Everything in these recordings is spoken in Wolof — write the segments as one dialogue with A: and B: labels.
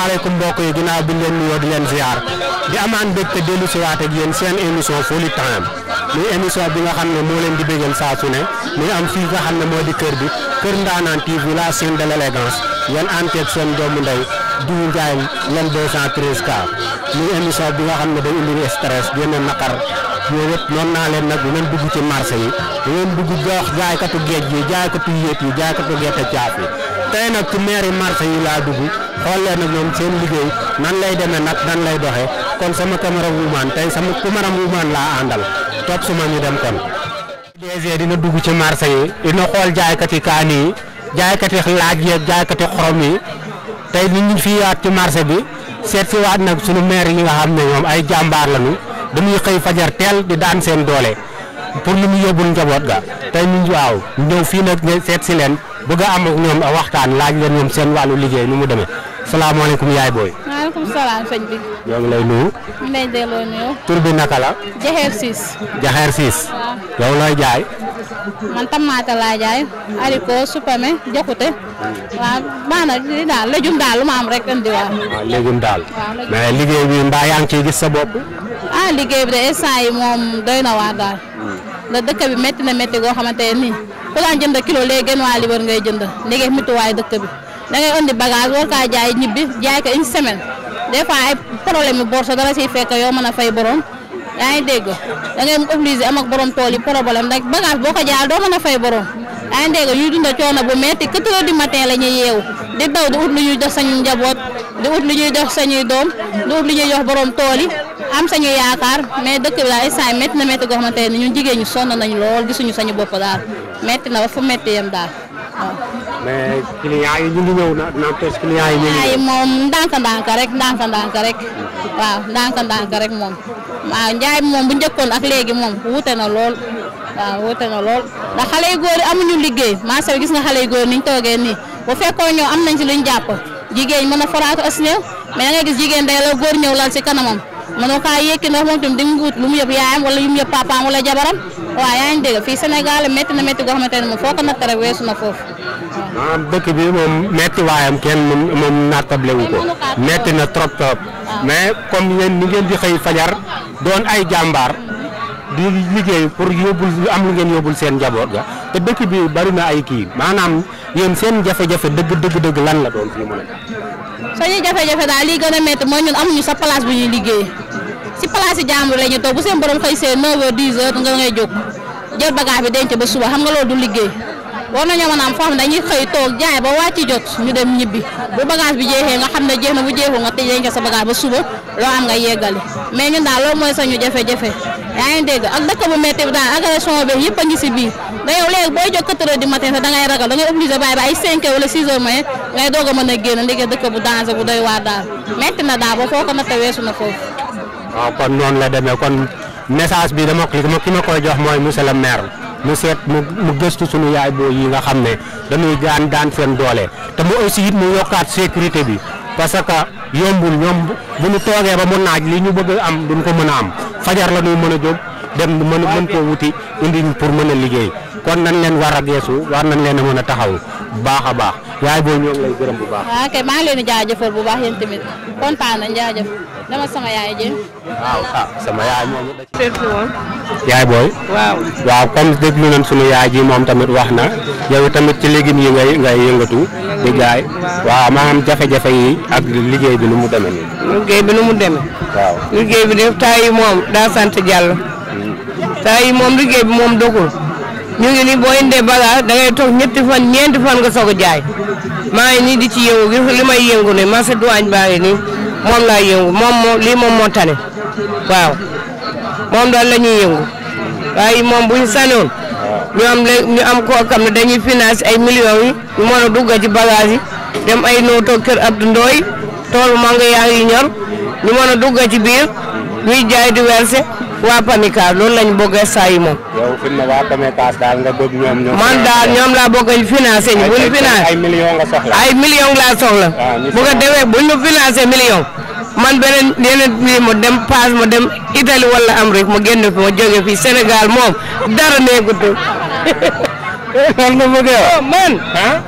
A: asalaamaaleykum mbokk yi ginnaaw bi ñu leen nuyoo di leen ziar di amaan mbégte dellu si waat ak yéen seen émission Folie Time muy émission bi nga xam ne moo leen di bégal saa su ne muy am fii nga xam ne moo di kër bi kër Ndanane TV la chaîne de l'élégance yan anteeg seen doomu ndey Doudou Ndiaye lan 213 ka muy émission bi nga xam ne day indi stress génne naqar yooyu yëpp noonu naa leen nag bu ngeen dugg ci marché yi bu ngeen dugg jox jaaykatu géej gi jaaykatu yéet yi jaaykatu gerte caaf yi tey nag ci mairie marché yi laa dugg xool leen nag ñoom seen liggéey nan lay demee nag nan lay doxee kon sama camara wuumaan tey sama camara wuumaan laa àndal topp suma ñu dem kon. DG dina dugg ci marché yi dina xool jaaykati kaani yi jaaykati laaj yeeg jaaykati xorom yi tey nit ñi fi ci marché bi seet si waat nag sunu maire yi nga xam ne ñoom ay jàmbaar lañu damuy xëy fajar teel di daan seen doole pour lu mu yóbbul njaboot ga tey ñun waaw ñëw fii nag seet si leen. bëgg a am ak ñoom waxtaan laaj leen ñoom seen wàllu liggéey lu mu demee salaamaaleykum yaay booy.
B: maaleykum salaam sëñ bi. ñoo ngi lay nuyu. ñu ngi lay
A: tur bi naka la. Jaxeer Siis. Jaxeer Siis. waaw yow jaay.
B: man tamaate laa jaay. haricot supame jokkute. waaw baax na li daal légume daal lu ma am rek indi waaw.
A: Ah, waaw daal. mais liggéey bi mbaa yaa ngi gis sa bopp.
B: Ah, moom doy na waar daal. ndax dëkk bi métti na métti goo xamante ne nii ku daan jënd kilo léegi genn waa libar ngay jënd léegi mutuwaay dëkk bi da ngay indi bagage war kaa jaay ñibbi jaay ko une semaine des fois ay problème yu boor sa dara siy fekk yoo man a fay borom yaa ngi dégg da ngay obligé am ak borom tool yi problème rek bagage boo ko jaay doo mën a fay borom yaa ngi dégg ñuy dunda coono bu métti quatre heures du matin la ñuy yeewu di daw di ut lu ñuy jox sañu njaboot di ut lu ñuy jox sañuy doom di ut lu ñuy jox borom tool yi am sañu yaakaar mais dëkk bi daal instant métti na métti goo xamante ne ñun jigéen ñi sonn nañ lool gisuñu sañu bopp daal metti na ba fu métti yem daal waaw.
A: mais client yi
B: moom ndànk-ndànk rek ndànk-ndànk rek waaw ndànk rek moom waaw njaay moom bu njëkkoon ak léegi moom wuute na lool waaw wuute na lool ndax xale yu góor yi amuñu liggéey marché bi gis nga xale yu góor niñ toogee nii bu fekkoon ñëw am nañ ci luñ jàpp jigéen mën a foraatu as néew mais da ngay gis jigéen day la góor ñëw lal si kanamam mënoo kaa yékki ndax moom tamit di nga wut lu mu yëpp yaayam wala yu mu yëpp papaam wala jabaram waaw yaa ngi dégg fii Sénégal métti na métti goo xamante na
A: dëkk bi moom métti waayam kenn moom moom ko métti na trop trop mais comme yéen ni ngeen di xëy fajar doon ay jàmbaar di liggéey pour yóbbul am lu ngeen yóbbul seen njaboot ga te dëkk bi bari na ay kii maanaam yéen seen jafe-jafe dëgg dëgg lan la doon fii mu ne
B: dañuy jafe-jafe daal lii gën a métti mooy ñun amuñu sa place bu ñuy liggéey si place yi jàmbur la ñuy toog bu seen borom xëy see 9h 10 nga ngay jóg jël bagage xam nga loolu du liggéey war nañoo mën a am foo xam ne dañuy xëy toog ba wàcc jot ñu dem ñibbi bu bagage bi jeexee nga xam ne jeex na bu jeexul nga tëjee nga sa bagage ba suba loo am nga yeggali mais ñun daal loolu mooy sañu jafe-jafe yaa ngi dégg ak bu métti bi daal agression bi yëpp a ngi si biir da yow léegi booy jóg 4 heures du ragal da ngay obligé ngay doog a mën a génn léegi dëkk bu danger bu doy waar daal metti na daal ba foo ko natt weesu na foofu.
A: waaw kon noonu la deme kon message bi dama li ki ma koy jox mooy monsieur le maire mu seet mu gëstu sunu yaay boo yi nga xam ne dañuy daan daan seen doole te mu aussi it mu yokkaat sécurité bi parce que yombul ñoom bu ñu toogee ba mu naaj li ñu bëgg am duñ ko mën a am fajar la ñuy mën a jóg dem mën mën koo wuti indi pour mën a liggéey. kon nañ leen war a geesu war nañ leen a mën a taxaw baax a baax yaay booy ñoo ngi bu baax.
B: waaw ah, maa ngi leen di jaajëfal bu baax yéen tamit kontaan nañ jaajëf sama yaay jëm.
A: waaw ah sama yaay moom. seetlu woon. yaay booy. waaw waaw comme déglu nañ sunu yaay ji moom tamit wax na yow tamit ci légumes yi ngay ngay yëngatu. di jaay waaw maanaam jafe-jafe yi ak liggéey bi nu mu demee nii.
C: liggéey bi nu mu demee. waaw liggéey bi def taay yi moom daa sant Diallo. Mm. taay yi moom liggéey bi moom dogul. ñu ngi ni boo indee bagage da ngay toog ñetti fan ñeenti fan nga soog a jaay maa ngi nii di ci yëngu gis li may yëngu ne marché Douagne baa ngi nii moom laa yëngu moom moo lii moom moo tane waaw moom daal la ñuy yëngu waaye moom bu ñu sanoon ñu am léegi ñu am koo xam ne dañuy finance ay millions yi ñu mën a dugg ci bagage yi dem ay noo toog kër Abdou Ndoye toolu mango yaa ngi ñor ñu mën a dugg ci biir ñuy jaay di verser. waa Pamika loolu lañ bëgg a saa yi moom.
A: yow fi mu ne waa Pamika man daal ñoom laa bëgg a financé ñu. buñu financé ay millions nga soxla. ay millions laa soxla. bu ko
C: defee buñu financé millions. man beneen yeneen bii dem paas mu dem Italie wala Amérique mu génn fi mu jóge fii Sénégal moom dara nekkut. Oh, man a man.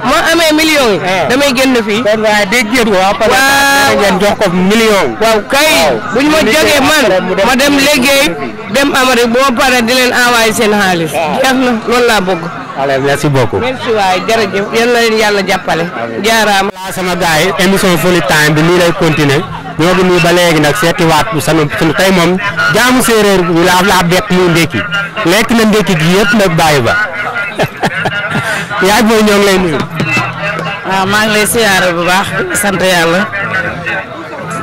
C: ma amee million yi. damay génn fii. kon waaye day génn ah, waaw. million. waaw kay buñ ma jógee ah, man ma dem liggéey dem Amady boo paree di leen envoyé seen xaalis. Ah. jeex na loolu laa bëgg. alors merci beaucoup. merci waay jërëjëf yal yàlla jàppale. jaaraama. voilà sama gars
A: yi émission Full Time bi nii lay continuer ñoo ngi nuyu ba léegi nag seeti waat sanu sunu tey moom jaamu séeréer ñu laaf laa bett muy ndékki lekk na ndékki gi nag bàyyi ba.
D: yaay booy ñoo ngi lay nuyu. waaw maa ngi lay siyaare bu baax sant yàlla.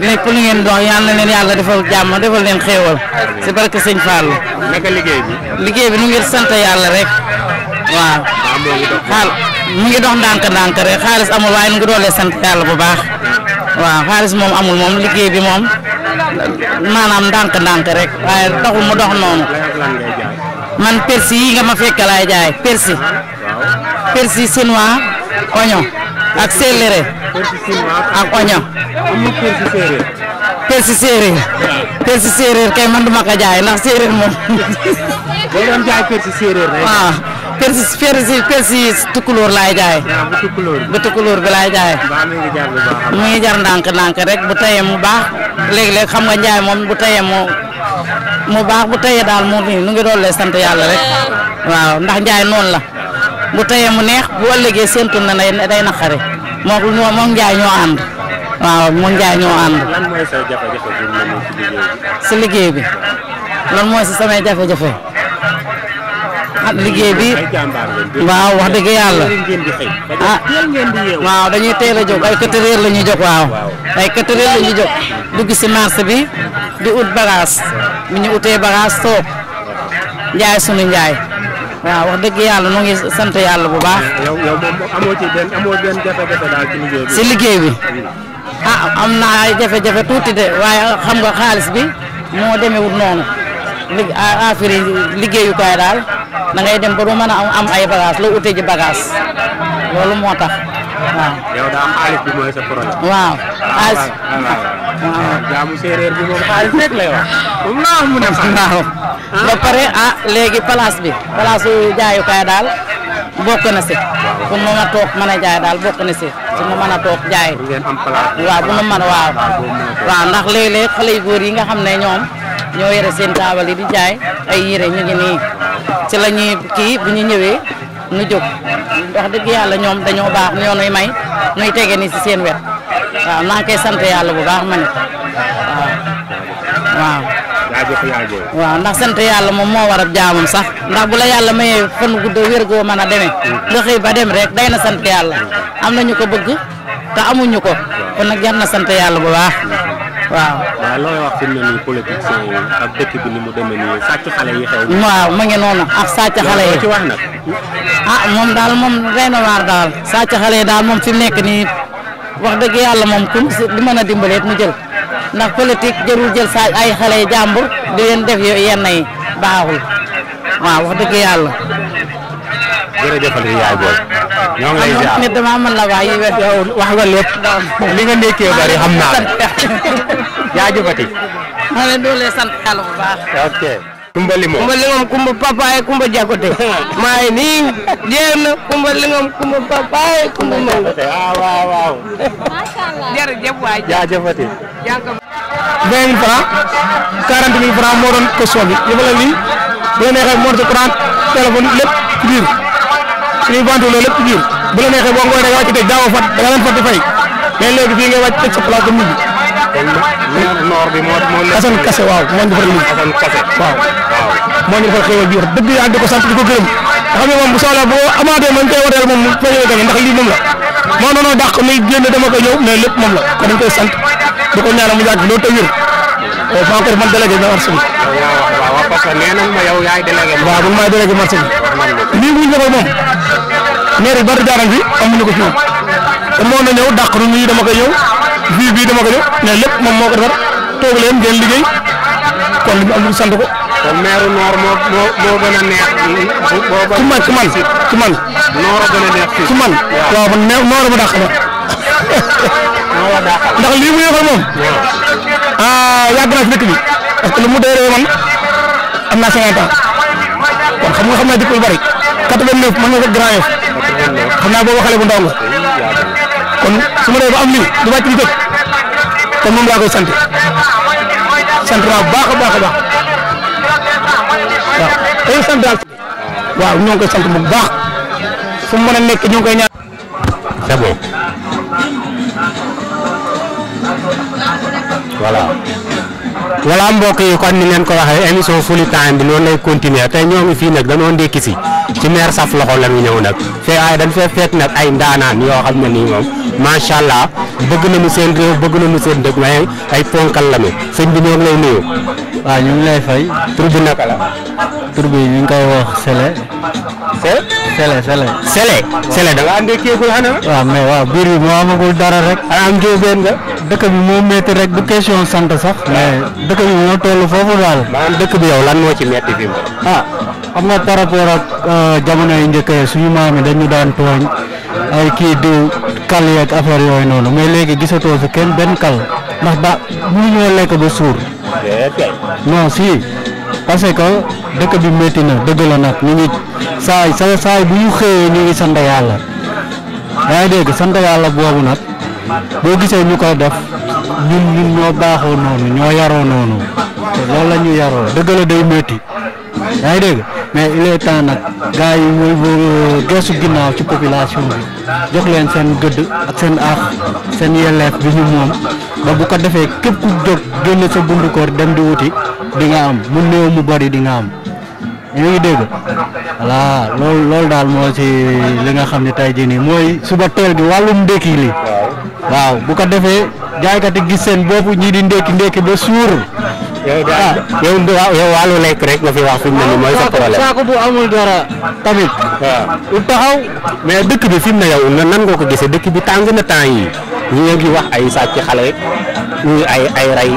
D: lépp lu ngeen dox yal na leen yàlla defal jàmm defal leen xéewal si barke sëñ Fallou.
A: naka liggéey bi.
D: liggéey bi nu ngir sant yàlla rek.
A: waaw. xaal
D: mu ngi dox ndànk-ndànk rek xaalis amul waaye nu ngi doolee sant yàlla bu baax. waaw xaalis moom amul moom liggéey bi moom maanaam ndànk-ndànk rek waaye taxul mu dox noonu. man persil yi nga ma fekk laay jaay persil. persil chinois oignon ak céleri ak oignon. persil séeréer persil séeréer kay man duma ko jaay ndax séeréer moom. boo doon jaay persil séeréer rek. waaw persil persil persil tukkulóor jaay. bu bi laay jaay. mu ngi jar ndànk rek bu tayee mu baax léeg-léeg xam nga njaay moom bu tayee mu mu baax bu teyee daal moom nii nu ngi doon lay yàlla rek waaw ndax njaay noon la bu teyee mu neex bu ëllëgee séentu na day day naqare moom moom njaay ñoo ànd waaw moom njaay ñoo ànd. sa si liggéey bi lan mooy si samay jafe-jafe.
A: Ah, liggéey bi waaw wax dëgg yàlla
D: ah waaw dañuy teel a jóg ay quatre heures jóg waaw ay quatre heures jóg dugg si marché bi di ut bagage bu ñu utee bagage toog njaay sunu njaay waaw wax dëgg yàlla nu ngi sant yàlla bu
A: baax. yow yow moom amoo ci benn amoo benn liggéey bi. si liggéey bi
D: ah, am naa ay jafe-jafe tuuti de waaye xam nga xaalis bi moo demewut noonu li affaire liggéeyukaay daal da ngay dem ba du mën a am ay bagage loo utee ji bagage loolu moo tax waaw
A: xaalis. waaw jaamu séeréer bi
D: moom mu ne waaw ah. ba pare ah léegi place bi place jaayukaay daal bokk na si. bu ma mën a jaay daal na si. su ma mën a toog jaay. bu ngeen
C: am waaw bu ma mën
D: waaw. waaw ndax léeg-léeg xale yu góor yi nga xam ne ñoom ñoo yore seen taabal yi di jaay ay yére ñu ngi nii ci la ñuy kii bu ñu ñëwee. nu jóg wax dëgg yàlla ñoom dañoo baax ñoo nuy may nuy tege ni ci seen wet waaw maa ngi koy sant yàlla bu baax ma ne ko
A: waaw waaw jaajëf jaajëf waaw
D: ndax sant yàlla moom moo war a jaamam sax ndax bu la yàlla mayee fan gudd wér goo mën a deme nga xëy ba dem rek day na sant yàlla am na ñu ko bëgg te amuñu ko kon nag sant yàlla bu baax
A: waaw looy wax fi mu ne nii ngi noonu ak sàcc xale yi
D: ah moom daal moom rey daal sàcc xale yi daal moom fi nekk nii wax dëgg yàlla moom kum di mën a dimbaleet mu jël ndax politique jërul jël sa ay xale yi jàmbur di leen def yenn yi baaxul waaw wax dëgg yàlla.
A: jërëjëfati yaay booy. ñoo ngi lay
D: ziar nit dama mën la waaye wax nga lépp. li nga nekkee bari xam
A: naa la jaajëfati.
D: ma leen doole san yàlla bu
A: baax. Kumba Limoom Kumba Limoom
C: Kumba Papaye Kumba Jakote maa nii jeex na Kumba Limoom Papaye Kumba Manga ah, waaw waaw waaw jërëjëf
A: vingt mille francs quarante mille francs moo doon question bi yëpp la nii bu la neexee moo ci trente téléphone lépp ci biir bantu la lépp ci bu la neexee boo ngooy rek wàcc tëj daawoo fat da nga leen fat di fay mais léegi fii ngay wàcc tëj sa place de mujj kon nag noor bi moo moo. Assane Kassé waaw moo ñu defar lii Assane Kassé waaw. waaw moo ñu defar xéwal bi wax dëgg yàlla di ko sant di ko gërëm nga xam ne moom bu soxlaa boo amaatee man tey woteel moom fa ñëwee gañe ndax lii moom la moo noonu dàq muy génn dama ko ñëw mais lépp moom la kon dañ koy sant di ko ñaanal mu yàgg loolu te wér fa encore man délégué na marché bi waaw parce que nee nañ ma yow yaay délégué waaw man maay délégué marché bi lii bu ñu defal moom maire yi bari jaaram fi amuñu ko fi moom te moo na ñëw dàq nu ñi dama koy ñëw ville bii dama ko jox ne lépp moom moo ko defar toog leen ngeen liggéey kon li mu am sant ko. kon meeru noor moo a neex. ci noor a gën a neex ci a moom. ah yàgg naa ci bi parce que lu mu dooree man am naa 50 kon xam nga xam naa dëkk lu bari 89 man nga ko grand yof xam naa boobu xale bu ndaw nga. su ma dee ba am lii lu dëkk kon moom laa sant sant baax a baax a baax waaw dañuy sant daal. waaw ñoo ngi koy sant bu baax fu mu mën a nekk ñoo koy ñaan. c'est bon voilà. voilà yi kon ni ngeen ko waxee émission Full Time bi noonu lay continuer tey ñoo ngi fii nag dañoo ndékki si ci meer saf loxo la ñu ñëw nag fee waaye dañ fee nag ay ndaanaan yoo xam ne nii moom. macha allah bëgg nañu seen bëgg nañu seen dëkk waaye ay ponkal la ñu sëñ bi lay nuyu. waaw ñu ngi lay fay. tur bi naka la. tur ñu ngi koy wax Sele. Sele. Sele Sele. Sele. Sele da nga kéegul xanaa. waaw mais waaw biir bi moo amagul dara rek. xanaa am kéegul nga. dëkk bi moo métti rek bu question sant sax. mais dëkk bi moo toll foofu daal. maanaam dëkk bi yow lan moo ci métti fi mu ah xam nga par rapport ak euh, jamono yu njëkk suñu maam yi dañu daan tooñ. ay kii diw kal yeeg affaire yooyu noonu mais léegi gisatoo fi kenn benn kal ndax ba mënuñoo lekk ba suur. non si parce que dëkk bi métti na dëgg la nag ñu ngi saay sa saay bu ñu xëyee ñu ngi sant yàlla yaa ngi dégg sant yàlla boobu nag boo gisee ñu koy def ñun ñun ñoo baaxoo noonu ñoo yaroo noonu loolu la ñu yaroo dëgg la day métti yaa ngi dégg. mais il nag gars yi mooy euh, geesu ginnaaw ci population bi jox leen seen gëdd ak seen aax seen yelleef bi ñu moom ba bu ko defee képp ku jóg génn sa bundu dem di wuti di nga am mu néew mu bari di nga am ñu ngi dégg voilà loolu loolu daal moo ci li nga xam ne tey jii nii mooy suba teel gi wàllum ndékki li waaw bu ko defee jaaykat yi gis seen bopp ñii di ndékki ndékki ba suur yow daal ah, yow yow wàllu lekk rek nga fi wax fi mu ne nii mooy sa ah, problème saako bu amul dara tamit. waaw ah. lu taxaw. mais dëkk bi fi mu ne yow nan nga ko gisee dëkk bi tàng na temps yi ñu ngi wax ay sàcc xale ñu ay ay rey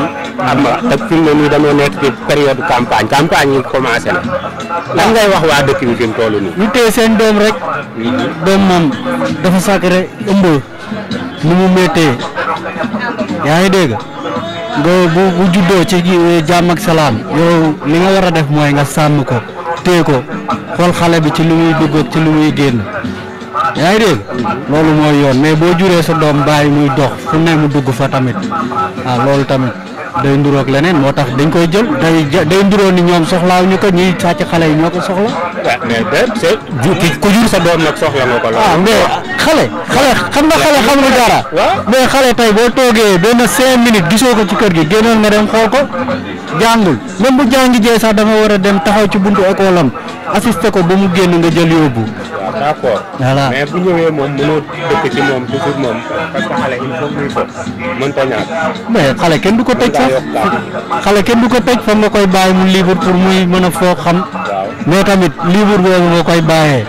A: am te fi mu ne nii dañoo nekk ci période campagne campagne yi commencé na. lan ngay wax waa dëkk bi fi mu nii. ñu téye seen doom rek. doom moom dafa sacré ëmb nu mu méttee yaa ngi dégg. nga bu bu juddoo ci eh, jàmm ak salaam yow li nga war a def mooy nga sànn ko téye ko xool xale bi ci lu muy dugg ak ci lu muy génn yaa ngi dégg loolu mooy yoon mais boo juree sa doom bàyyi muy dox fu ne mu dugg fa tamit waaw ah, loolu tamit. day nduroog leneen moo tax dañ koy jël day day nduroo ni ñoom soxlaaw ñu ko ñuy sàcc xale yi ñoo ko soxla. ko eh, mais de c' est ku jur sa doom nag soxla nga ko la ah, waaw mais xale. xale xam nga xale xam nga dara. mais xale tey boo toogee benn cinq minutes gisoo ko ci kër gi génnoon nga dem xool ko. jàngul même bu jàngi jee sax dama nga war a dem taxaw ci buntu école am ko ba mu génn nga jël yóbbu. waaw bu ñëwee moom mënoo dëkk ci moom toujours moom parce xale mais xale kenn du ko tëj sax xale kenn du ko tëj fa nga koy bàyyi mu libre pour muy mën a foog xam. mais tamit libre boobu nga koy bàyyee.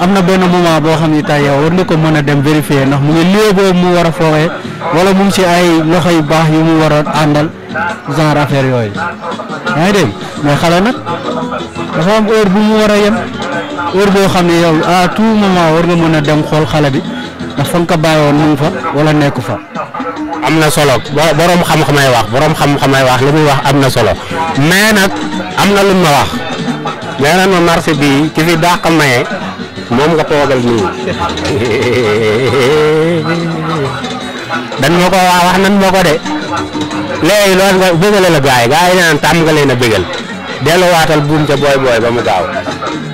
A: am na benn moment boo xam ni tey yow war nga ko mën a dem vérifier ndax mu ngi lieu mu war a foowee wala mu si ay loxo yu baax yu mu war a àndal genre affaire yooyu yaa ngi dégg xale nag dafa am heure bu mu war a yem heure boo xam ne yow à tout moment war nga mën a dem xool xale bi ndax fa nga ko bàyyi woon mu fa wala nekku fa. am na solo borom xam-xamay wax borom xam-xamay wax li muy wax am na solo mais nag am na lu ma wax nee na ma marché bii ki fi dàq maye. moom nga toogal nii dan moo ko waa wax nan moo ko de léegi loolu nga bëggale la gaay gaay yi naan tàmm nga leen a buum ca booy booy ba mu gaaw.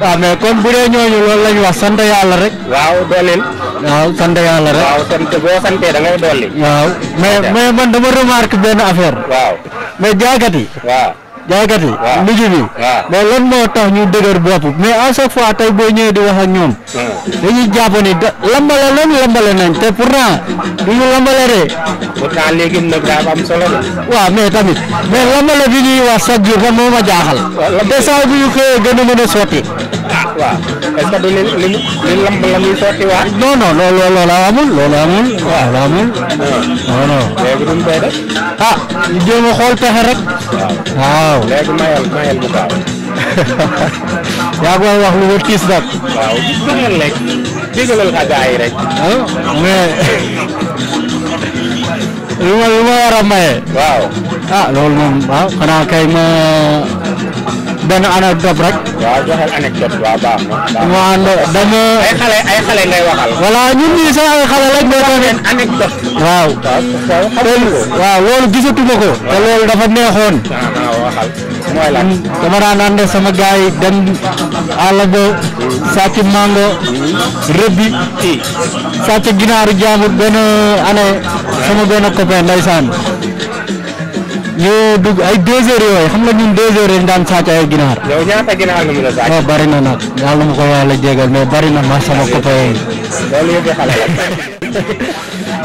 A: waaw mais kon bu dee ñooñu loolu la ñu wax sant yàlla rek. waaw dooleel. waaw sant yàlla rek. mais man dama remarque benn affaire. mais jaagati. waaw. jaaykat yi liggéey bi mais lan moo tax ñu dëgër bopp mais à chaque fois tey boo ñëwee di wax a ñoom hmm. dañuy jàpp ni lambale lan lambale nañ te pourtant du ñu lambale de pourtant léegi nag daa am solo la tamit mais lambale bi ñuy wax chaque jour moo ma jaaxal te saa bu ñu xëyee gën a mën a sotti waaw est ce que amul loolu amul. amul. non non. léegi duñ ah ñu xool pexe rek. waaw léegi mayal mayal bu baax. yaa ngi wax lu wër tiis nag. waaw joxeel rek. digalal xa gaay rek. ah mais lu ma lu ma war maye. ah loolu moom waaw ma. benn anecdote rek. waaw joxal dama. ay ñun ñii sax ay xale lañ doon waaw. waaw loolu gisatuma ko. te loolu dafa neexoon. Ah, waxal mooy lan. Mm, dama daan sama gars yi dem àll mango. rëbbi. sàcc ginaaru jaamut benn année sama benn copain ndeysaan ñu dugg ay deux heures yooyu xam nga ñun deux heures yi daan sàcc ay ginaar. yow ñaata ginaar nga mën oh, bari na nag yàlla ko yàlla jégal mais bari na ma sama copain yi. loolu yëpp xale la.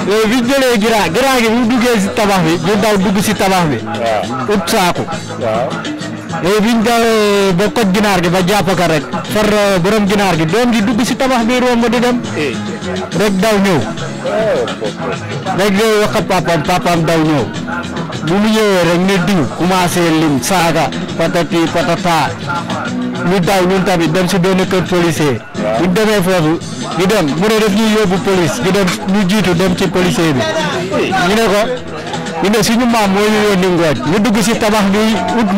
A: bi jëlee ginaar gi bu duggee si tabax bi ñu dugg si tabax bi. waaw ut saako. bi ñu dawee ba koj ginaar gi ba jàpp ka rek far uh, borom ginaar gi doom ji dugg si tabax bi romb di dem. Eh. rek daw ñëw. Oh, oh, wax ak papaam papaam daw ñëw. bu mu ñëwee rek ne diw commencé lim saaga patati patata ñu daw ñun tamit dem si benn kër policier bu ñu demee foofu ñu dem mu ne def ñuy yóbbu police ñu dem ñu jiitu dem ci policier bi ñu ne ko ñu ne suñu maam moo ñu yónni ñu dugg si tabax bi ut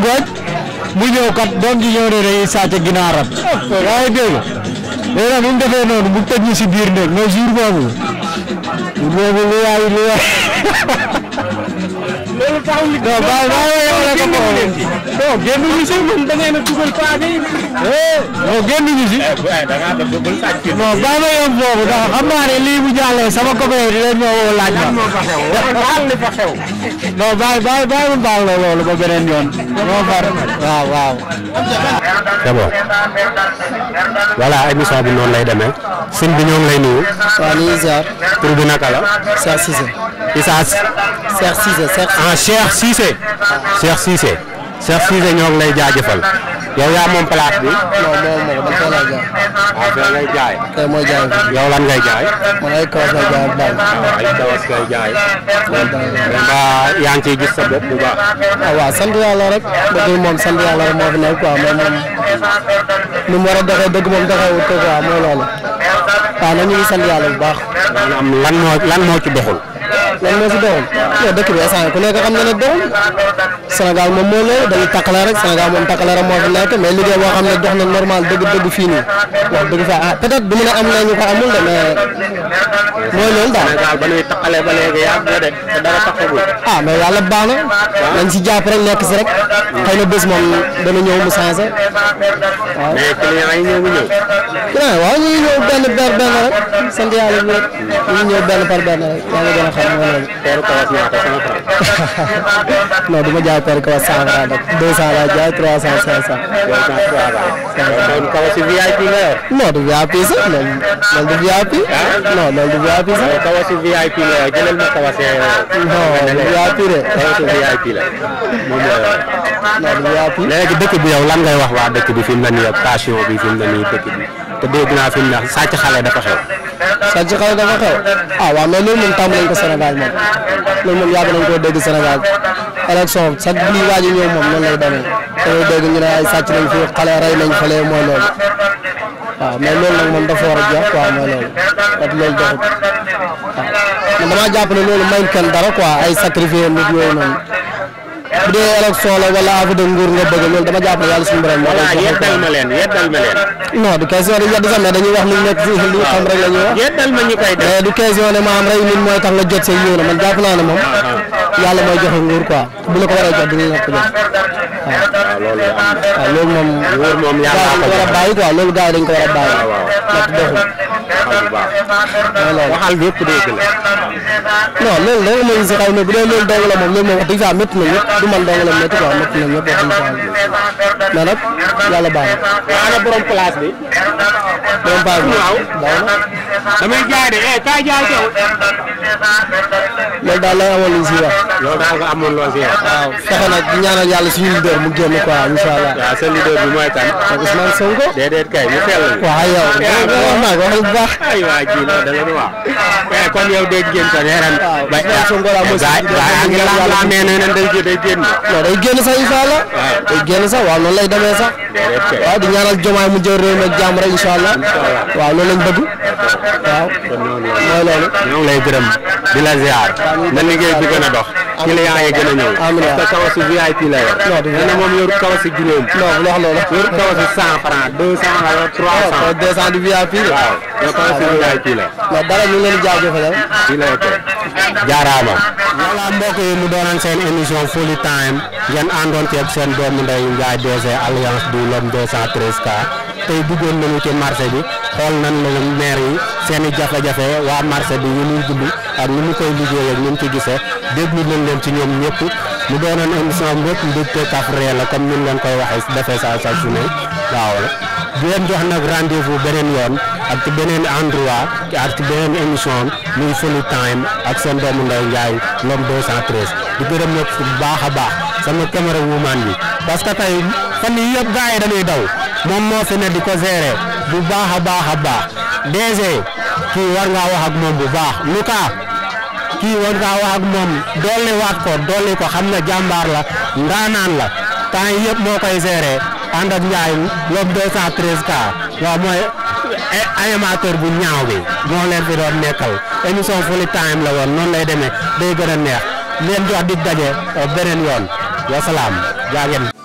A: mu ñëw kat doom ji ñëw ne dañuy sàcc ginaaram yaa ngi dégg léegi defee noonu bu tëj ñu si biir néeg mais jour boobu jour boobu lu loolu taxul li. non bàyyi bàyyi ko non génnuñu si man da ngeen a dugal paa bi. non génnuñu si. da ngaa doon dugal loolu ba beneen yoon. moo far waaw c'est bon voilà émission bi noonu lay demee sëñ bi ñoo ngi lay nuyu. waaw lii ziar. tur bi naka la. Cheikh Cissé. Issa. Cheikh Cissé Cheikh. ah Cheikh Cissé. Cheikh Cissé. Cheikh Cissé ñoo ngi lay jaajëfal. yow yaa moom place bi. non moom moom man fee lay ah, jaay. waaw fee mooy jaay fi. yow lan ngay jaay. man ay kawas lay jaay daal. waaw ah, ay kawas ngay jaay. yaa ngi ciy gis sa bopp bu baax. ah waaw sant yàlla rek. dëgg moom sant yàlla rek moo fi nekk quoi mais moom a doxee dëgg loolu. waaw ah, na ñu sant yàlla bu baax. maanaam lan moo lan moo ci doxul. loolu moo si doxul. waaw dëkk bi instant ku nekk xam na ne doxul Sénégal moom moo loolu rek Sénégal moo fi nekk mais liggéey boo xam ne na normal dëgg-dëgg ah na ñu ko amul de mais mooy loolu ba ñuy takkale ba léegi yaa ngi de te dara takkagul. ah mais baax na. nañ si jàpp rek nekk si rek. xëy na bés moom dana ñëw mu waaw. mais ñëw benn benn rek sant yàlla ñu ñëw benn benn rek yaa ngi gën a peeru kawas ñaata cent franc. non du ma jaay peeru kawas cent franc rek deux cent laa jaay trois cent cinq cent. deux cent trois cent. kon kawas yi VIP nga yor. non du VIP sax loolu loolu du VIP. ah non loolu du VIP sax. kawas yi VIP nga yor jëlal ma kawas yaa yor. non du VIP de. kawas yi VIP la moom la yor. non du VIP. léegi dëkk bi yow lan ngay wax waa dëkk bi fi mu ne nii ak passion bi fi mu ne nii dëkk bi te dégg naa fi mu ne sàcc xale dafa xew. sàcc xale dafa xew ah waaw mais loolu moom tàmm nañ ko Sénégal moom loolu moom yàgg nañ koo dégg Sénégal élection sax bii waa ji ñëw moom noonu lay demee dañoo dégg ñu ne ay sàcc nañ fi xale rey nañ fale mooy loolu waaw ah, mais loolu nag moom dafa war a jeex quoi mooy loolu at loolu doxut waaw ah, man damaa jàpp ne loolu mayul kenn dara quoi ay sacrifier nit yooyu noonu bu dee élection la wala affaire de nguur nga bëgg loolu dama jàpp ne yàlla suñu borom moo non du question dañuy wax sax mais wax lu nekk fii lu xam rek la ñuy wax. yéen dal ma ñu koy def. maam rey nit mooy tax nga jot sa yoon man jàpp naa ne moom. Ah, ah. yàlla mooy joxe nguur quoi bu la ko war a jox dinañ la ko loolu la am yàlla ko war a loolu gars yi dañ ko war a bàyyi. loolu waxal la. ma gis xaw ma loolu dong la moom loolu moom wax eh, loolu daal lay amal lu si loolu daal nga amoon loo si yow. waaw fexe nag ñaanal yàlla suñu leader mu génn quoi incha allah. waaw sa leader bi mooy kan. ak Ousmane Sonko. déedéet kay mu sell. waaw yow wax naa ko wax bu baax. aywa ji loolu da ngeen wax. mais kon yow dégg ngeen ko nee ren. waaw Ousmane Sonko daal mooy suñu leader bi ngeen laam laamee nee nañ day day génn. non day génn sax incha allah. waaw day génn sax waaw noonu lay demee sax. déedéet kay waaw di ñaanal jomaay mu jël réew mi ak jàmm rek incha allah. waaw loolu lañ bëgg. waaw mooy loolu. ñoo ngi lay gërëm di la ziar. na liggéey bi gën a dox tax client yi gën a ñëw. amiin parce jaaraama. voilà mbokk yi mu doonoon seen émission Folie Time ngeen àndoon ceeb seen doomu ndey Ndiaye DG alliance du l'homme 213K tey duggoon nañu ci marché bi xool nan la maire yi seen i jafe-jafe waa marché bi yu ñuy dund ak ni mu koy liggéeyee ak ni mu ci gisee. déglu nañ leen ci ñoom ñëpp mu doonoon émission mbëpp mbégte kaf ree la comme ni leen koy waxee defee saa saa waaw di leen jox nag rendez-vous beneen yoon ak ci beneen endroit ak beneen émission muy Funny Time ak seen doomu Ndeye Ndiaye l'homme 213 di gërëm ñëpp bu baax a baax sama caméra woman bi parce que tey fan yii yëpp gars yi dañuy daw moom moo fi ne di ko gérer bu baax a baax a baax DG kii war ngaa wax ak moom bu baax Luka. kii war ngaa waag moom dolli waat ko dolli ko xam na jàmbaar la ndaanaan la temps yii yëpp moo koy gérer ànd ak Ndiaye loolu 213K waaw mooy eh, animateur bu ñaaw bi moo leen fi doon nekkal émission Full Time la woon noonu lay deme day gën a neex leen jox di daje eh, beneen yoon wasalaam jaa ngeen